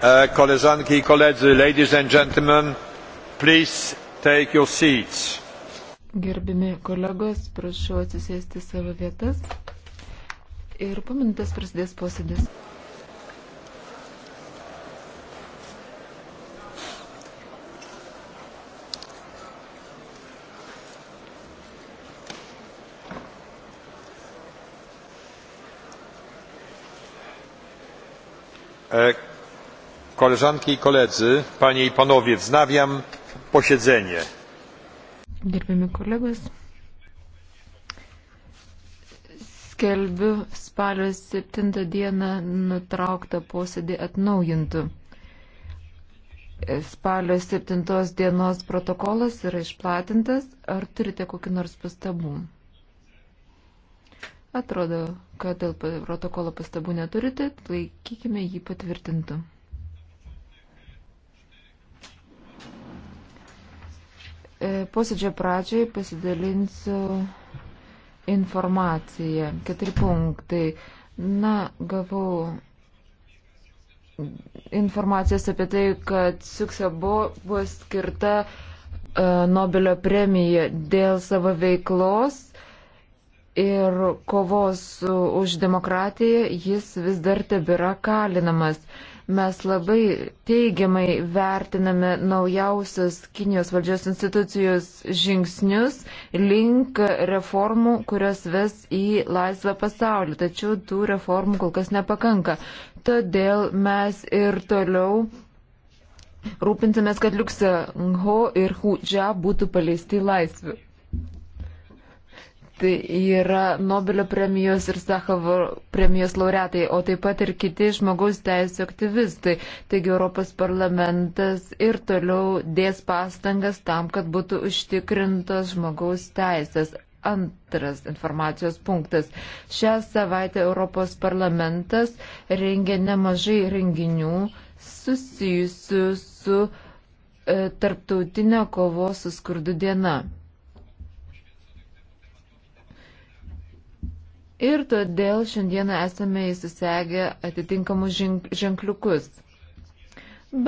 Uh, koleżanki i koledzy, ladies and gentlemen, please take your seats. Gerbimi kolegos, prašau atsisėsti savo vietas. Ir pamintas prasidės posėdis. Uh, koleżanki i koledzy panie i panowie wznawiam posiedzenie gerbiami kolegos skelbiu spalio 7 dieną nutrauktą posėdį atnaujintu spalio 7 dienos protokolas yra išplatintas ar turite kokį nors pastabų Atrodo, kad dėl protokolo pastabų neturite, laikykime jį patvirtintų. E, posėdžio pradžiai pasidalinsiu informaciją. Keturi punktai. Na, gavau informacijos apie tai, kad Suksabo buvo skirta e, Nobelio premija dėl savo veiklos ir kovos už demokratiją, jis vis dar tebėra kalinamas. Mes labai teigiamai vertiname naujausius Kinijos valdžios institucijos žingsnius link reformų, kurios ves į laisvą pasaulį. Tačiau tų reformų kol kas nepakanka. Todėl mes ir toliau rūpinsimės, kad Liuksa Ho ir Hu Džia būtų paleisti laisvę. Tai yra Nobelio premijos ir Sakavo premijos laureatai, o taip pat ir kiti žmogaus teisų aktyvistai. Taigi Europos parlamentas ir toliau dės pastangas tam, kad būtų užtikrintos žmogaus teisės. Antras informacijos punktas. Šią savaitę Europos parlamentas rengė nemažai renginių susijusių su e, tarptautinė kovos su skurdu diena. Ir todėl šiandieną esame įsisegę atitinkamus ženkliukus.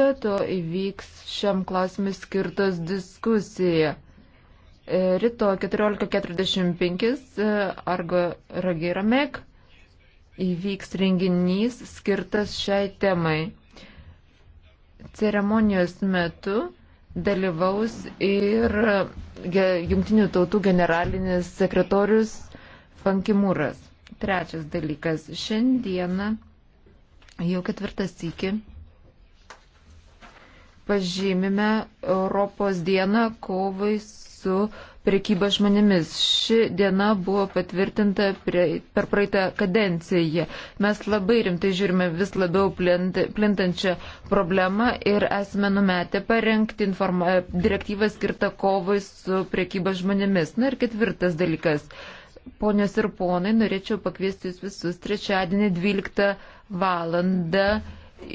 Be to įvyks šiam klausimui skirtos diskusija. E, ryto 14.45 e, Argo Ragiramek įvyks renginys skirtas šiai temai. Ceremonijos metu dalyvaus ir Jungtinių tautų generalinis sekretorius Pankimūras. Trečias dalykas. Šiandieną jau ketvirtas iki pažymime Europos dieną kovai su prekyba žmonėmis. Ši diena buvo patvirtinta prie, per praeitą kadenciją. Mes labai rimtai žiūrime vis labiau plint, plintančią problemą ir esame numetę parengti informa, direktyvą skirtą kovai su prekyba žmonėmis. Na ir ketvirtas dalykas. Uh, Ponios ir ponai, norėčiau pakviesti jūs visus trečiadienį 12 valandą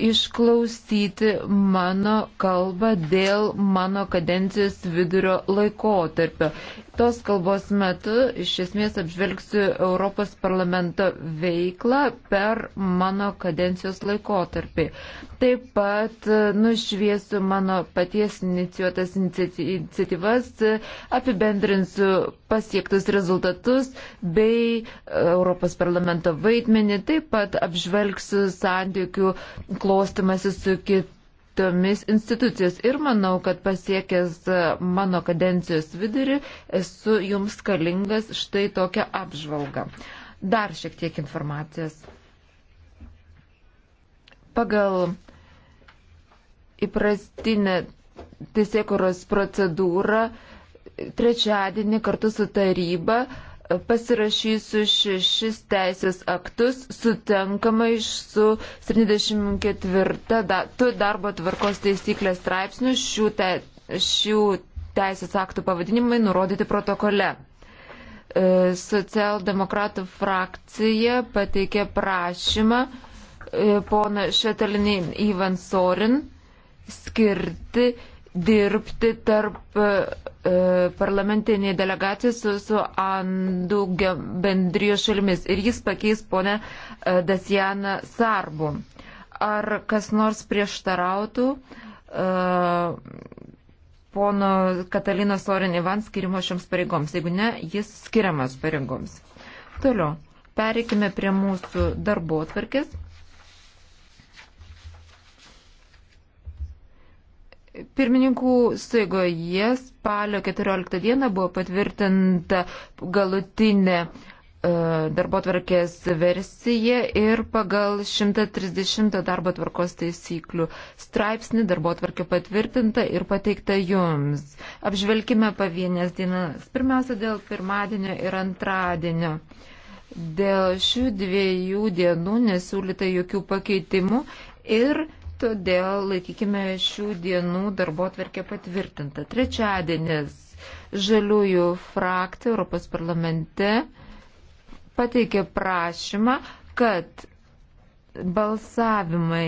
išklausyti mano kalbą dėl mano kadencijos vidurio laikotarpio. Tos kalbos metu iš esmės apžvelgsiu Europos parlamento veiklą per mano kadencijos laikotarpį. Taip pat e, nušviesiu mano paties inicijuotas iniciatyvas, e, apibendrinsiu pasiektus rezultatus bei e, Europos parlamento vaidmenį, taip pat apžvelgsiu santykių klostimasi su kitais kitomis institucijos. Ir manau, kad pasiekęs mano kadencijos vidurį esu jums kalingas štai tokią apžvalgą. Dar šiek tiek informacijos. Pagal įprastinę teisėkuros procedūrą trečiadienį kartu su taryba pasirašysiu šešis teisės aktus sutenkamai su 74 da, darbo tvarkos taisyklės straipsnių šių, te, šių teisės aktų pavadinimai nurodyti protokole. E, socialdemokratų frakcija pateikė prašymą e, pona Šetalinį Ivan Sorin skirti dirbti tarp e, e, parlamentiniai delegacijai su, su Andų bendrijos šalimis ir jis pakeis ponę e, Dasianą Sarbu. Ar kas nors prieštarautų pono Katalino Sorin Ivan skirimo šioms pareigoms? Jeigu ne, jis skiriamas pareigoms. Toliau, pereikime prie mūsų darbo atvarkės. Pirmininkų staigoje spalio 14 dieną buvo patvirtinta galutinė e, darbo tvarkės versija ir pagal 130 darbo tvarkos taisyklių straipsnį darbo tvarkė patvirtinta ir pateikta jums. Apžvelkime pavienės dienas. Pirmiausia, dėl pirmadienio ir antradienio. Dėl šių dviejų dienų nesiūlyta jokių pakeitimų ir todėl laikykime šių dienų darbo atverkę patvirtintą. Trečiadienis žaliųjų frakcija Europos parlamente pateikė prašymą, kad balsavimai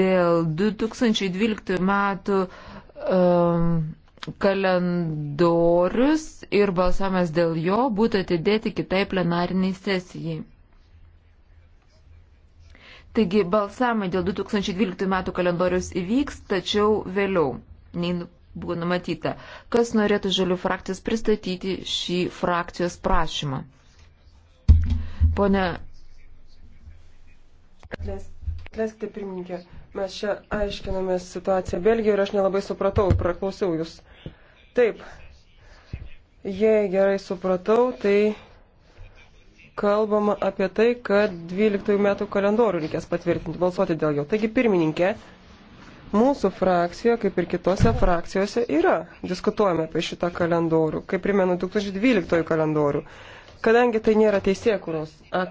dėl 2012 metų um, kalendorius ir balsavimas dėl jo būtų atidėti kitai plenariniai sesijai. Taigi balsavimai dėl 2012 metų kalendorius įvyks, tačiau vėliau nei nu, buvo numatyta. Kas norėtų žalių frakcijos pristatyti šį frakcijos prašymą? Pone. Atleiskite, pirmininkė, mes čia aiškinamės situaciją Belgijoje ir aš nelabai supratau, praklausiau jūs. Taip, jei gerai supratau, tai kalbama apie tai, kad 12 metų kalendorių reikės patvirtinti, balsuoti dėl jo. Taigi, pirmininkė, mūsų frakcijoje, kaip ir kitose frakcijose, yra diskutuojame apie šitą kalendorių, kaip primenu 2012 kalendorių, kadangi tai nėra teisėkuros.